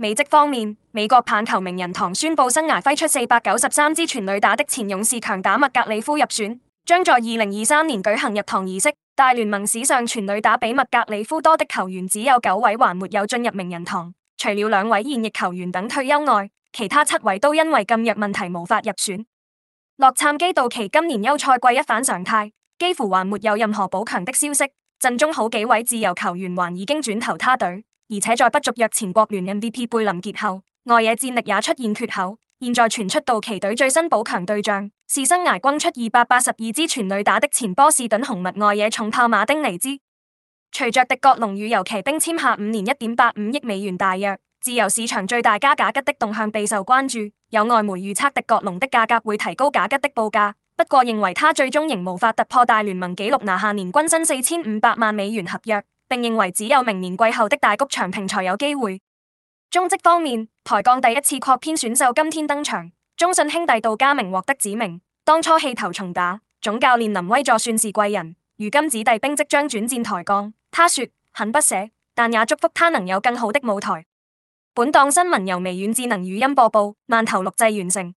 美職方面，美國棒球名人堂宣布生涯揮出四百九十三支全壘打的前勇士強打麥格里夫入選，將在二零二三年舉行入堂儀式。大聯盟史上全壘打比麥格里夫多的球員只有九位，還沒有進入名人堂。除了兩位現役球員等退休外，其他七位都因為禁藥問題無法入選。洛杉磯道奇今年休賽季一反常態，幾乎還沒有任何補強的消息。陣中好幾位自由球員還已經轉投他隊。而且在不續約前國聯 MVP 貝林傑後，外野戰力也出現缺口。現在傳出道奇隊最新補強對象是生涯轟出二百八十二支全壘打的前波士頓紅襪外野重炮馬丁尼茲。隨着狄格龍與遊騎兵簽下五年一點八五億美元大約，自由市場最大加賈吉的動向備受關注。有外媒預測狄格龍的價格會提高賈吉的報價，不過認為他最終仍無法突破大聯盟紀錄拿下年均薪四千五百萬美元合約。並認為只有明年季後的大谷翔平才有機會。中職方面，台鋼第一次擴編選秀今天登場，中信兄弟杜家明獲得指名。當初棄投重打，總教練林威助算是貴人，如今子弟兵即將轉戰台鋼。他說很不捨，但也祝福他能有更好的舞台。本檔新聞由微軟智能語音播報，慢頭錄製完成。